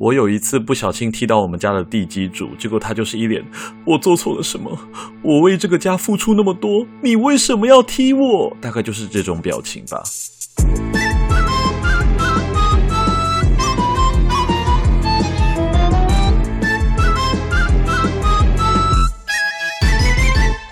我有一次不小心踢到我們家的地基主，結果他就是一臉“我做錯了什麼？我為這個家付出那麼多，你為什麼要踢我？”大概就是這種表情吧。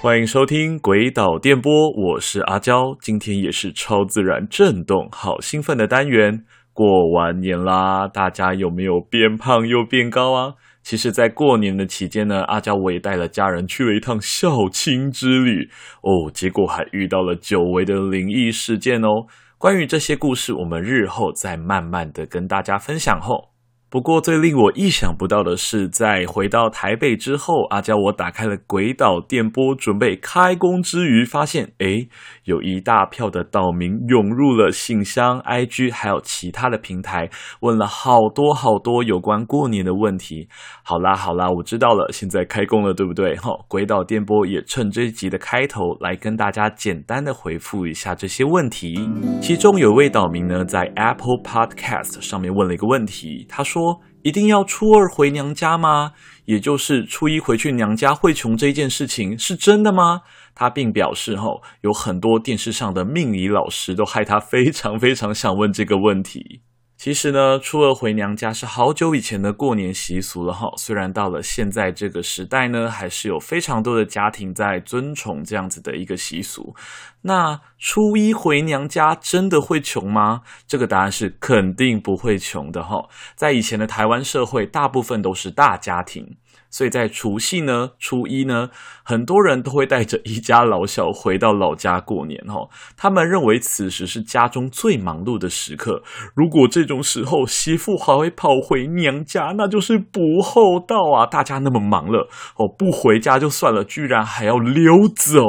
歡迎收聽《詭島電波》，我是阿嬌，今天也是超自然震動，好興奮的單元。過完年啦，大家有沒有變胖又變高啊？其實，在過年的期間呢，阿嬌我也帶了家人去了一趟孝親之旅哦，結果還遇到了久違的靈異事件哦。關於這些故事，我們日後再慢慢的跟大家分享後。不過最令我意想不到的是，在回到台北之後，阿、啊、嬌我打開了鬼島電波，準備開工之餘，發現哎，有一大票的島民湧入了信箱、IG，還有其他的平台，問了好多好多有關過年的問題。好啦好啦，我知道了，現在開工了，對不對？好、哦，鬼島電波也趁這一集的開頭來跟大家簡單的回復一下這些問題。其中有位島民呢，在 Apple Podcast 上面問了一個問題，他說。說一定要初二回娘家嗎？也就是初一回去娘家會窮這件事情是真的嗎？他並表示，吼，哦，有很多電視上的命理老師都害他非常非常想問這個問題。其實呢，初二回娘家是好久以前的過年習俗了哈。雖然到了現在這個時代呢，還是有非常多的家庭在尊崇這樣子的一個習俗。那初一回娘家真的會窮嗎？這個答案是肯定不會窮的哈。在以前的台灣社會，大部分都是大家庭。所以在除夕呢，初一呢，很多人都會帶着一家老小回到老家過年哈，哦，他們認為此時是家中最忙碌的時刻，如果這種時候媳婦還會跑回娘家，那就是不厚道啊！大家那麼忙了，哦，不回家就算了，居然還要溜走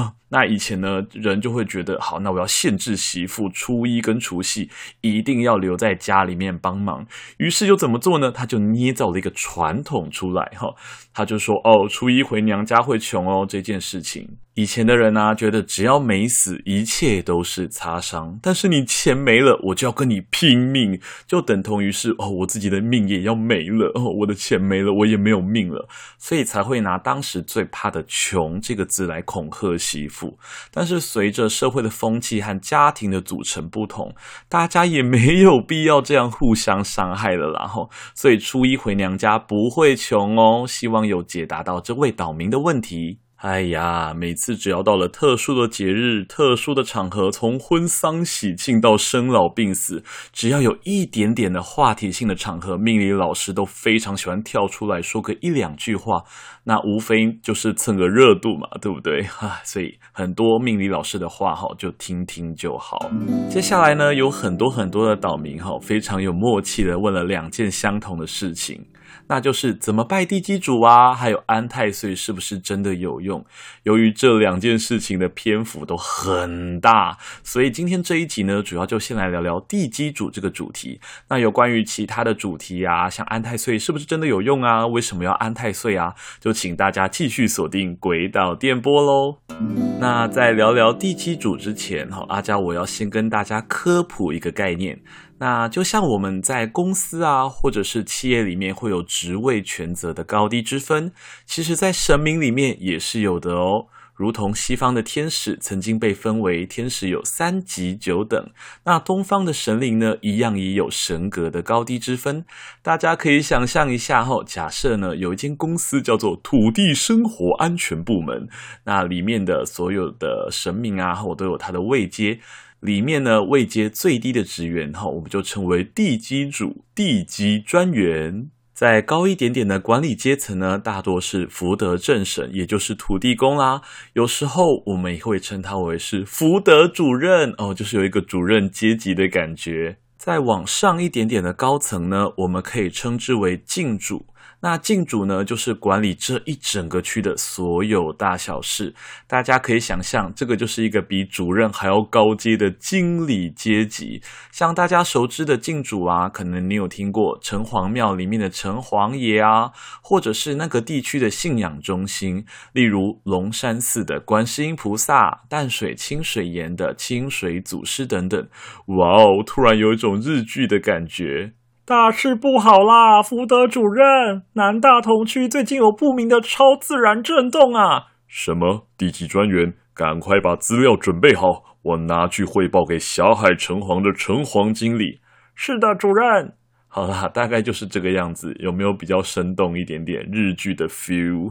啊！那以前呢，人就會覺得好，那我要限制媳婦初一跟除夕一定要留在家裡面幫忙，於是就怎麼做呢？他就捏造了一個傳統出來，哈，他就說哦，初一回娘家會窮哦，這件事情。以前的人啊，覺得只要沒死，一切都是擦傷。但是你錢沒了，我就要跟你拼命，就等同於是哦，我自己的命也要沒了哦，我的錢沒了，我也沒有命了，所以才會拿當時最怕的“窮”這個字來恐嚇媳婦。但是隨着社會的風氣和家庭的組成不同，大家也沒有必要這樣互相傷害了。然後，所以初一回娘家不會窮哦。希望有解答到這位島民的問題。哎呀，每次只要到了特殊的節日、特殊的場合，從婚喪喜慶到生老病死，只要有一點點的話題性的場合，命理老師都非常喜歡跳出來說個一兩句話，那無非就是蹭個熱度嘛，對不對？哈，啊，所以很多命理老師的話哈，就聽聽就好。接下來呢，有很多很多的島民哈，非常有默契的問了兩件相同的事情。那就是怎麼拜地基主啊？還有安太歲是不是真的有用？由於這兩件事情的篇幅都很大，所以今天這一集呢，主要就先來聊聊地基主這個主題。那有關於其他的主題啊，像安太歲是不是真的有用啊？為什麼要安太歲啊？就請大家繼續鎖定《詭島電波咯》嘍。嗯。那在聊聊地基主之前，哈，阿嬌我要先跟大家科普一個概念。那就像我們在公司啊，或者是企業裡面會有職位權責的高低之分，其實在神明裡面也是有的哦。如同西方的天使曾經被分為天使有三級九等，那東方的神靈呢，一樣也有神格的高低之分。大家可以想象一下哈、哦，假設呢，有一間公司叫做土地生活安全部門，那裡面的所有的神明啊，我都有他的位階，裡面呢，位階最低的職員哈，我們就稱為地基主、地基專員。再高一點點的管理階層呢，大多是福德正神，也就是土地公啦。有時候我們也會稱他為是福德主任哦，就是有一個主任階級的感覺。再往上一點點的高層呢，我們可以稱之為境主。那境主呢，就是管理這一整個區的所有大小事。大家可以想象這個就是一個比主任還要高階的經理階級。像大家熟知的境主啊，可能你有聽過城隍廟裡面的城隍爺啊，或者是那個地區的信仰中心，例如龍山寺的觀世音菩薩、淡水清水岩的清水祖師等等。哇哦，突然有一種日劇的感覺。大事不好啦，福德主任，南大同區最近有不明的超自然震動啊！什麼？地基專員，趕快把資料準備好，我拿去匯報給小海城隍的城隍經理。是的，主任。好啦，大概就是這個樣子，有沒有比較生動一點點日劇的 feel？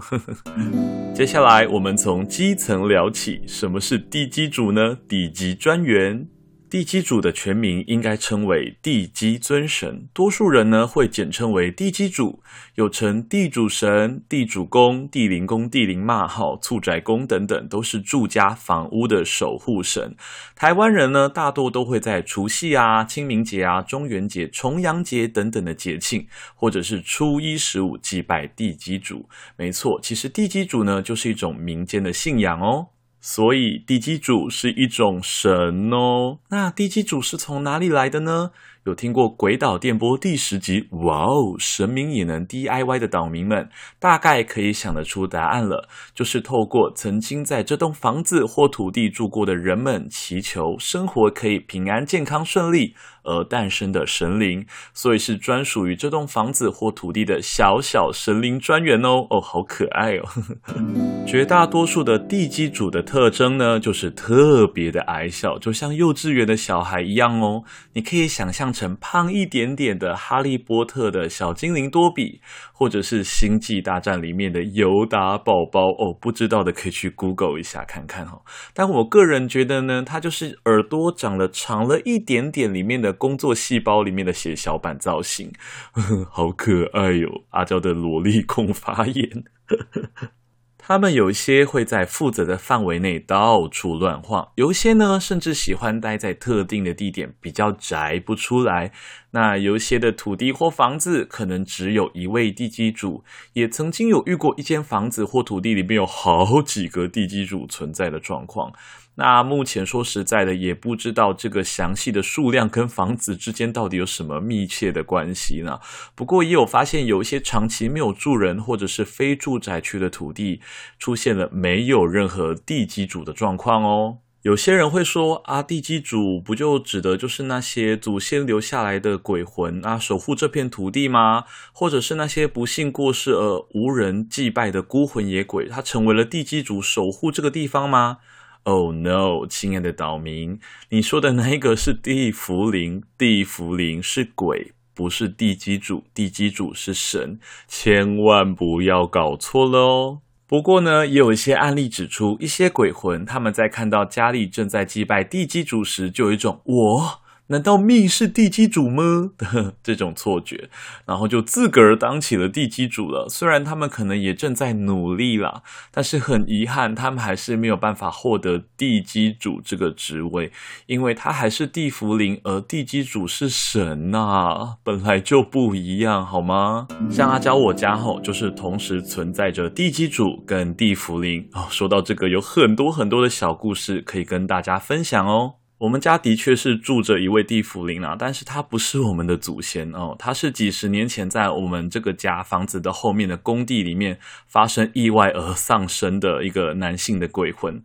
接下來我們從基層聊起，什麼是地基主呢？地基專員。地基主的全名應該稱為地基尊神，多數人呢會簡稱為地基主，有稱地主神、地主公、地靈公、地靈媽號厝宅公等等，都是住家房屋的守護神。台灣人呢，大多都會在除夕啊、清明節啊、中元節、重陽節等等的節慶，或者是初一、十五祭拜地基主。沒錯，其實地基主呢，就是一種民間的信仰哦。所以地基主是一種神哦，那地基主是從哪裡來的呢？有聽過《詭島電波》第十集？哇哦，神明也能 DIY 的島民們，大概可以想得出答案了，就是透過曾經在這棟房子或土地住過的人們祈求，生活可以平安、健康、順利。而誕生的神靈，所以是專屬於這棟房子或土地的小小神靈專員哦。哦，好可愛哦！ 絕大多數的地基主的特徵呢，就是特別的矮小，就像幼稚園的小孩一樣哦。你可以想象成胖一點點的《哈利波特》的小精靈多比，或者是《星際大戰》裡面的尤達寶寶哦。不知道的可以去 Google 一下看看哦。但我個人覺得呢，他就是耳朵長了長了一點點，裡面的。工作細胞裡面的血小板造型， 好可愛喲、哦！阿嬌的蘿莉控發言， 他們有些會在負責的範圍內到處亂晃，有些呢甚至喜歡待在特定的地點，比較宅不出來。那有些的土地或房子，可能只有一位地基主，也曾經有遇過一間房子或土地裡面有好幾個地基主存在的狀況。那目前說實在的，也不知道這個詳細的數量跟房子之間到底有什麼密切的關係呢？不過也有發現，有一些長期沒有住人或者是非住宅區的土地，出現了沒有任何地基主的狀況哦。有些人會說啊，地基主不就指的就是那些祖先留下來的鬼魂啊，守護這片土地嗎？或者是那些不幸過世而無人祭拜的孤魂野鬼，他成為了地基主守護這個地方嗎？Oh no，親愛的島民，你說的那一個是地縛靈，地縛靈是鬼，不是地基主，地基主是神，千萬不要搞錯了哦。不過呢，也有一些案例指出，一些鬼魂他們在看到家裡正在祭拜地基主時，就有一種我。難道命是地基主嗎？ 這種錯覺，然後就自個兒當起了地基主了。雖然他們可能也正在努力啦，但是很遺憾，他們還是沒有辦法獲得地基主這個職位，因為他還是地縛靈，而地基主是神吶、啊，本來就不一樣，好嗎？嗯、像阿嬌我家吼、哦，就是同時存在着地基主跟地縛靈哦。說到這個，有很多很多的小故事可以跟大家分享哦。我們家的確是住着一位地府靈啊，但是他不是我們的祖先哦，他是幾十年前在我們這個家房子的後面的工地裡面發生意外而喪生的一個男性的鬼魂。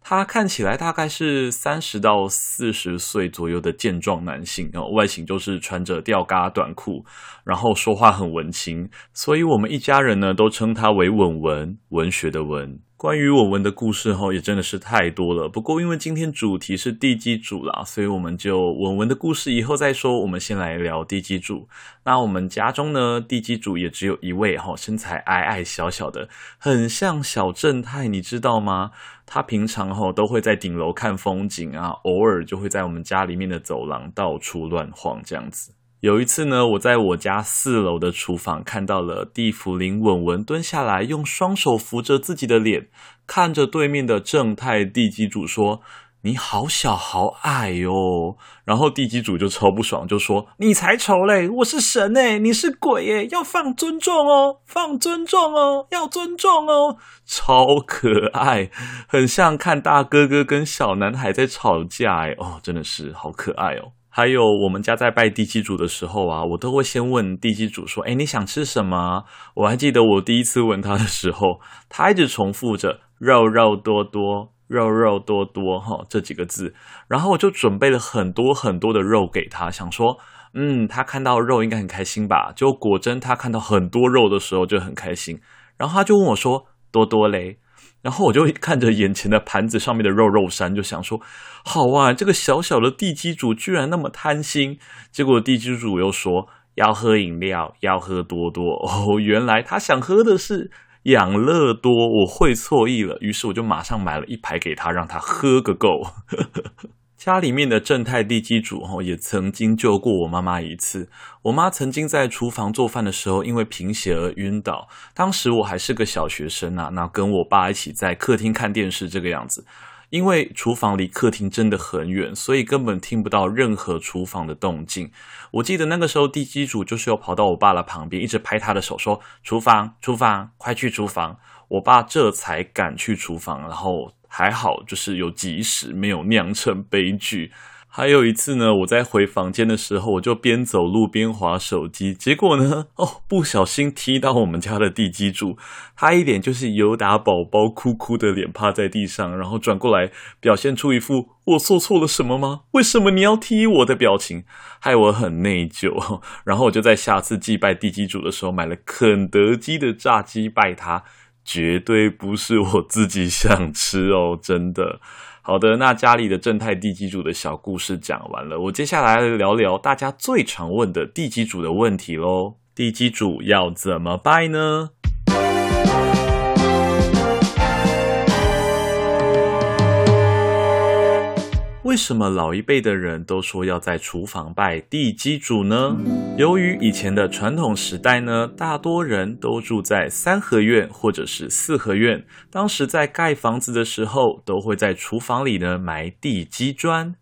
他看起來大概是三十到四十歲左右的健壯男性哦，外形就是穿着吊嘎短褲，然後說話很文青，所以我們一家人呢都稱他為“文文”，文學的文。關於文文的故事，哦，哈，也真的是太多了。不過，因為今天主題是地基主啦，所以我們就文文的故事以後再說。我們先來聊地基主。那我們家中呢，地基主也只有一位，哦，哈，身材矮矮小小的，很像小正太，你知道嗎？他平常哈，哦，都會在頂樓看風景啊，偶爾就會在我們家裡面的走廊到處亂晃，這樣子。有一次呢，我在我家四樓的廚房看到了地縛靈，穩穩蹲下來，用雙手扶着自己的臉，看着對面的正太地基主說：“你好小，好矮哦。”然後地基主就超不爽，就說：“你才醜嘞，我是神哎，你是鬼哎，要放尊重哦，放尊重哦，要尊重哦。”超可愛，很像看大哥哥跟小男孩在吵架哎哦，真的是好可愛哦。還有我們家在拜地基主的時候啊，我都會先問地基主說：“哎，你想吃什麼？”我還記得我第一次問他的時候，他一直重複着“肉肉多多，肉肉多多”這幾個字，然後我就準備了很多很多的肉給他，想說：“嗯，他看到肉應該很開心吧？”就果真他看到很多肉的時候就很開心，然後他就問我說：“多多嘞？”然後我就看着眼前的盤子上面的肉肉山，就想說：好哇、啊，這個小小的地基主居然那麼貪心。結果地基主又說要喝飲料，要喝多多哦，原來他想喝的是養樂多，我會錯意了。於是我就馬上買了一排給他，讓他喝個夠。 家裡面的正太地基主也曾經救過我媽媽一次。我媽曾經在廚房做飯的時候，因為貧血而暈倒。當時我還是個小學生啊，那跟我爸一起在客廳看電視這個樣子。因為廚房離客廳真的很遠，所以根本聽不到任何廚房的動靜。我記得那個時候，地基主就是要跑到我爸的旁邊，一直拍他的手，說：“廚房，廚房，快去廚房！”我爸這才敢去廚房，然後。還好，就是有及時，沒有釀成悲劇。還有一次呢，我在回房間的時候，我就邊走路邊滑手機，結果呢，哦，不小心踢到我們家的地基主，他一臉就是尤達寶寶哭哭、哭的臉，趴在地上，然後轉過來表現出一副我做錯了什麼嗎？為什麼你要踢我的表情？害我很內疚。然後我就在下次祭拜地基主的時候，買了肯德基的炸雞拜他。絕對不是我自己想吃哦，真的。好的，那家裡的正太地基主的小故事講完了，我接下來來聊聊大家最常問的地基主的問題嘍。地基主要怎麼拜呢？為什麼老一輩的人都說要在廚房拜地基主呢？由於以前的傳統時代呢，大多人都住在三合院或者是四合院，當時在蓋房子的時候，都會在廚房裡呢埋地基磚，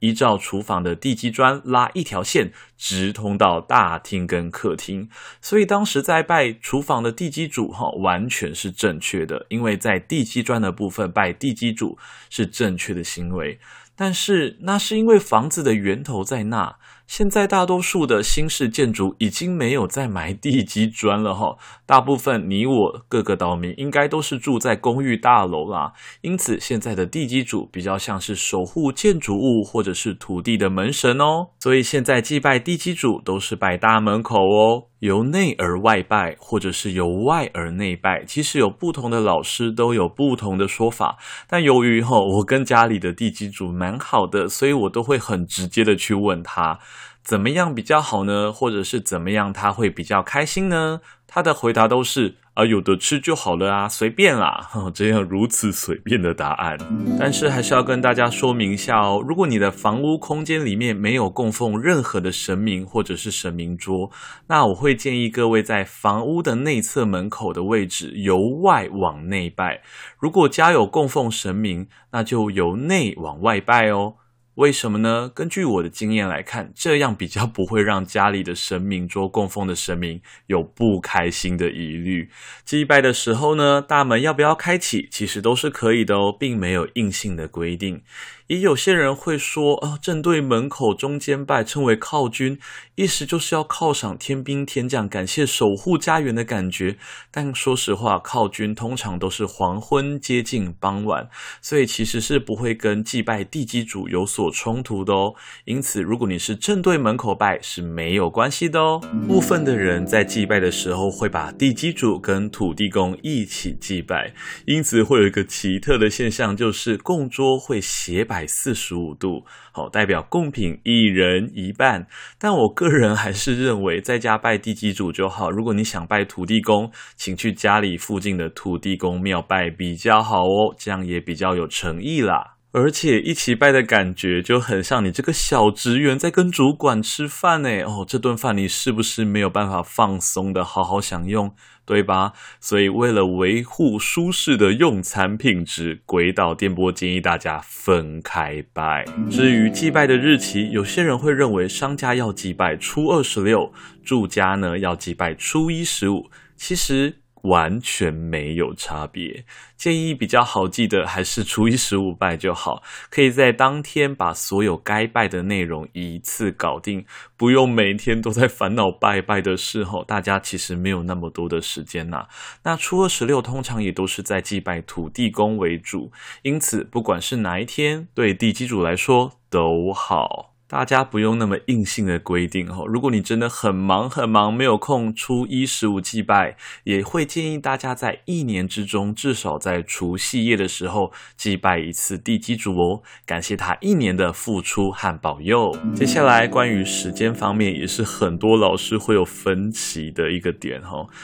依照廚房的地基磚拉一條線，直通到大廳跟客廳，所以當時在拜廚房的地基主，哈，完全是正確的，因為在地基磚的部分拜地基主是正確的行為。但是那是因為房子的源頭在那。現在大多數的新式建築已經沒有再埋地基磚了哈、哦，大部分你我各個島民應該都是住在公寓大樓啦。因此現在的地基主比較像是守護建築物或者是土地的門神哦。所以現在祭拜地基主都是擺大門口哦。由內而外拜，或者是由外而內拜，其實有不同的老師都有不同的說法。但由於吼、哦、我跟家裡的地基主蠻好的，所以我都會很直接的去問他。怎麼樣比較好呢？或者是怎麼樣他會比較開心呢？他的回答都是啊，有的吃就好了啊，隨便啦，哦，這樣如此隨便的答案。嗯。但是還是要跟大家說明一下哦，如果你的房屋空間裡面沒有供奉任何的神明或者是神明桌，那我會建議各位在房屋的內側門口的位置由外往內拜；如果家有供奉神明，那就由內往外拜哦。為什麼呢？根據我的經驗來看，這樣比較不會讓家裡的神明桌供奉的神明有不開心的疑慮。祭拜的時候呢，大門要不要開啟，其實都是可以的哦，並沒有硬性的規定。也有些人會說，啊、呃，正對門口中間拜稱為犒軍，意思就是要犒賞天兵天將，感謝守護家園的感覺。但說實話，犒軍通常都是黃昏接近傍晚，所以其實是不會跟祭拜地基主有所衝突的哦。因此，如果你是正對門口拜是沒有關係的哦。部分的人在祭拜的時候會把地基主跟土地公一起祭拜，因此會有一個奇特的現象，就是供桌會斜擺。百四十五度好，代表貢品一人一半。但我個人還是認為在家拜地基主就好。如果你想拜土地公，請去家裡附近的土地公廟拜比較好哦，這樣也比較有誠意啦。而且一起拜的感覺就很像你這個小職員在跟主管吃飯呢、欸。哦，這頓飯你是不是沒有辦法放鬆的好好享用，對吧？所以為了維護舒適的用餐品質，詭島電波建議大家分開拜。至於祭拜的日期，有些人會認為商家要祭拜初二十六，住家呢要祭拜初一十五。其實。完全沒有差別，建議比較好記的還是初一十五拜就好，可以在當天把所有該拜的內容一次搞定，不用每天都在煩惱拜拜的時候，大家其實沒有那麼多的時間吶、啊。那初二十六通常也都是在祭拜土地公為主，因此不管是哪一天，對地基主來說都好。大家不用那麼硬性的規定哦，如果你真的很忙很忙，沒有空初一十五祭拜，也會建議大家在一年之中，至少在除夕夜的時候祭拜一次地基主哦，感謝他一年的付出和保佑。嗯、接下來關於時間方面，也是很多老師會有分歧的一個點。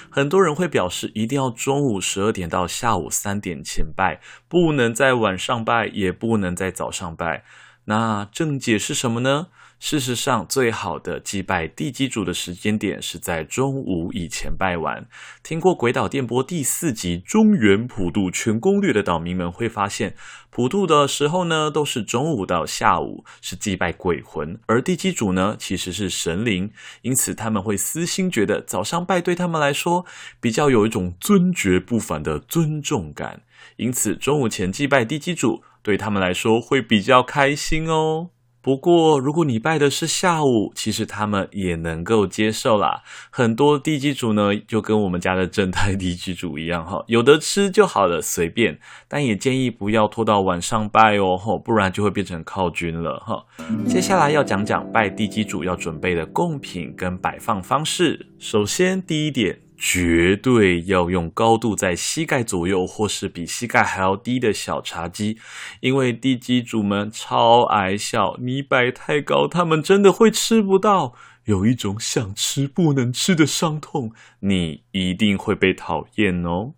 很多人會表示一定要中午十二點到下午三點前拜，不能在晚上拜，也不能在早上拜。那正解是什麼呢？事實上，最好的祭拜地基主的時間點是在中午以前拜完。聽過《詭島電波》第四集《中元普渡全攻略》的島民們會發現，普渡的時候呢，都是中午到下午是祭拜鬼魂，而地基主呢其實是神靈，因此他們會私心覺得早上拜對他們來說比較有一種尊爵不凡的尊重感，因此中午前祭拜地基主。對他們來說會比較開心哦。不過如果你拜的是下午，其實他們也能夠接受啦。很多地基主呢，就跟我們家的正太地基主一樣哈，有得吃就好了，隨便。但也建議不要拖到晚上拜哦，不然就會變成犒軍了哈、嗯。接下來要講講拜地基主要準備的供品跟擺放方式。首先第一點。絕對要用高度在膝蓋左右，或是比膝蓋還要低的小茶幾，因為地基主們超矮小，你擺太高，他們真的會吃不到，有一種想吃不能吃的傷痛，你一定會被討厭哦。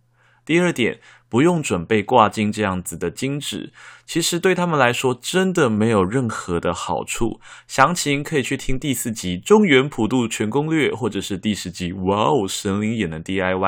第二點。不用準備掛金這樣子的金紙，其實對他們來說真的沒有任何的好處。詳情可以去聽第四集《中元普渡全攻略》，或者是第十集《哇哦，神靈也能 DIY》，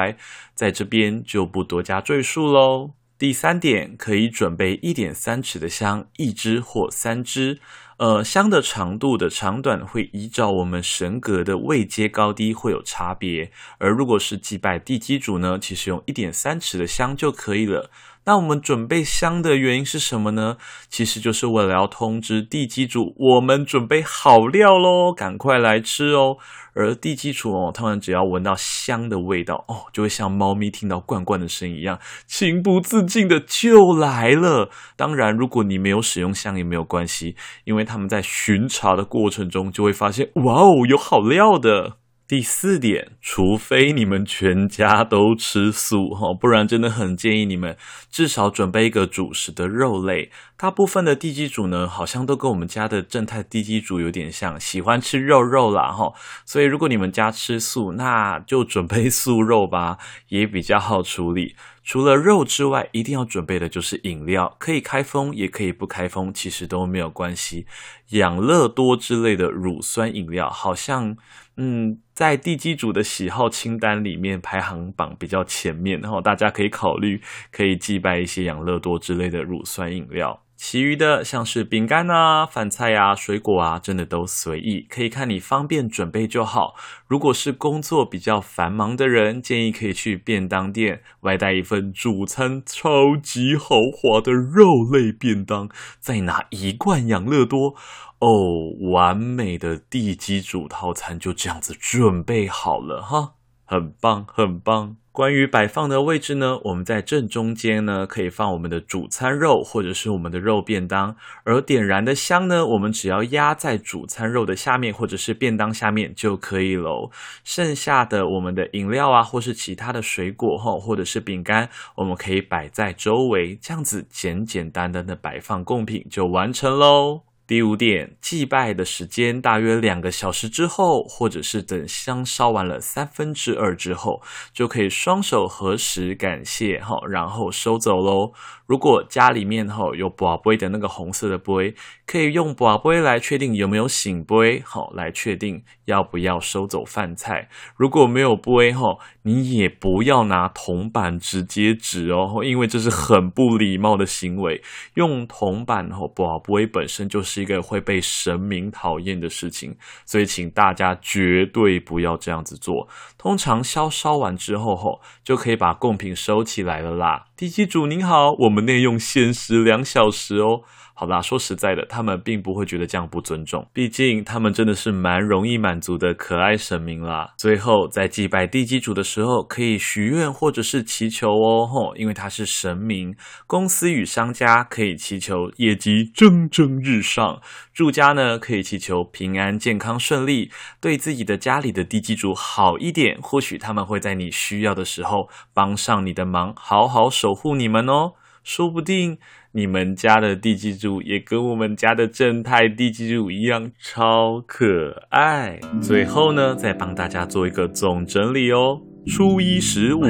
在這邊就不多加贅述嘍。第三點，可以準備一點三尺的香，一支或三支。呃，香的長度的長短會依照我們神格的位階高低會有差別，而如果是祭拜地基主呢，其實用一點三尺的香就可以了。那我們準備香的原因是什麼呢？其實就是為了要通知地基主，我們準備好料嘍，趕快來吃哦。而地基主哦，他們只要聞到香的味道哦，就會像貓咪聽到罐罐的聲音一樣，情不自禁的就來了。當然，如果你沒有使用香也沒有關係，因為他們在巡查的過程中就會發現，哇哦，有好料的。第四點，除非你們全家都吃素哦，不然真的很建議你們至少準備一個主食的肉類。大部分的地基主呢，好像都跟我們家的正太地基主有點像，喜歡吃肉肉啦哈。所以如果你們家吃素，那就準備素肉吧，也比較好處理。除了肉之外，一定要準備的就是飲料，可以開封也可以不開封，其實都沒有關係。養樂多之類的乳酸飲料，好像嗯，在地基主的喜好清單裡面排行榜比較前面，然後大家可以考慮，可以祭拜一些養樂多之類的乳酸飲料。其餘的像是餅乾吶、飯菜呀、啊、水果啊，真的都隨意，可以看你方便準備就好。如果是工作比較繁忙的人，建議可以去便當店外帶一份主餐超級豪華的肉類便當，再拿一罐養樂多，哦，完美的地基主套餐就這樣子準備好了哈，很棒，很棒。關於擺放的位置呢，我們在正中間呢，可以放我們的主餐肉或者是我們的肉便當，而點燃的香呢，我們只要壓在主餐肉的下面或者是便當下面就可以嘍。剩下的我們的飲料啊，或是其他的水果、哦、或者是餅乾，我們可以擺在周圍，這樣子簡簡單單的擺放供品就完成嘍。第五點，祭拜的時間大約兩個小時之後，或者是等香燒完了三分之二之後，就可以雙手合十感謝哈，然後收走嘍。如果家裡面吼有寶貝的那個紅色的杯。可以用筊杯來確定有沒有聖杯，好來確定要不要收走飯菜。如果沒有筊杯吼、哦，你也不要拿銅板直接擲，哦，因為這是很不禮貌的行為。用銅板吼，筊、哦、杯本身就是一個會被神明討厭的事情，所以請大家絕對不要這樣子做。通常燒燒完之後吼、哦，就可以把供品收起來了啦。地基主您好，我們內用限時兩小時哦。好啦，說實在的，他們並不會覺得這樣不尊重，畢竟他們真的是蠻容易滿足的可愛神明啦。最後，在祭拜地基主的時候，可以許願或者是祈求哦，吼，因為他是神明。公司與商家可以祈求業績蒸蒸日上，住家呢可以祈求平安健康順利，對自己的家裡的地基主好一點，或許他們會在你需要的時候幫上你的忙，好好守護你們哦，說不定。你們家的地基主也跟我們家的正太地基主一樣超可愛。嗯、最後呢，再幫大家做一個總整理哦，初一十五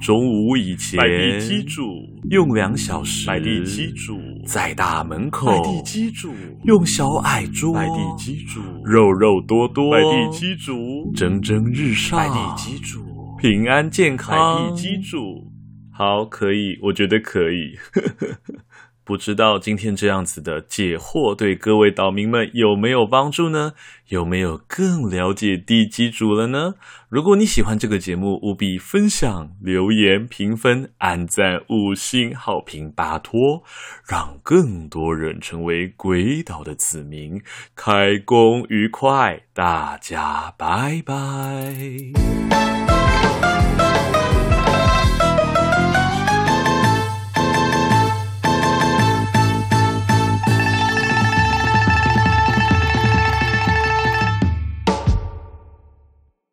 中午以前拜地基主，用兩小時拜地基主，在大門口拜地基主，用小矮桌拜地基主，肉肉多多拜地基主，蒸蒸日上拜地基主，平安健康拜地基主。好，可以，我覺得可以。 不知道今天這樣子的解惑對各位島民們有沒有幫助呢？有沒有更了解地基主了呢？如果你喜歡這個節目，務必分享、留言、評分、按讚五星好評，拜託，讓更多人成為鬼島的子民。開工愉快，大家拜拜。